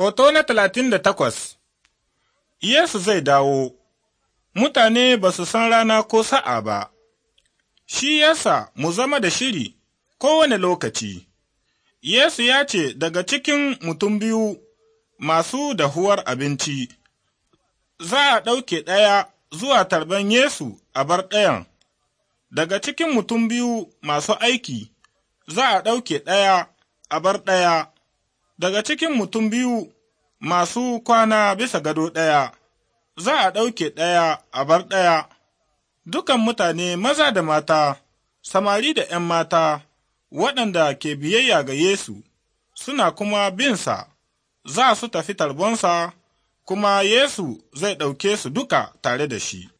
Hoto na talatin da takwas Yesu zai dawo, mutane ba su san rana ko sa'a ba, shi yasa mu zama da shiri kowane lokaci. Yesu ya ce daga cikin mutum biyu masu dahuwar abinci, za a ɗauke ɗaya zuwa tarban Yesu a bar ɗayan, daga cikin mutum biyu masu aiki, za a ɗauke ɗaya a bar ɗaya. daga cikin mutum biyu masu kwana bisa gado ɗaya, za a ɗauke ɗaya a bar ɗaya, dukan mutane maza da mata, samari da ’yan mata, waɗanda ke biyayya ga Yesu, suna kuma binsa, za su tafi tarbonsa, kuma Yesu zai ɗauke su duka tare da shi.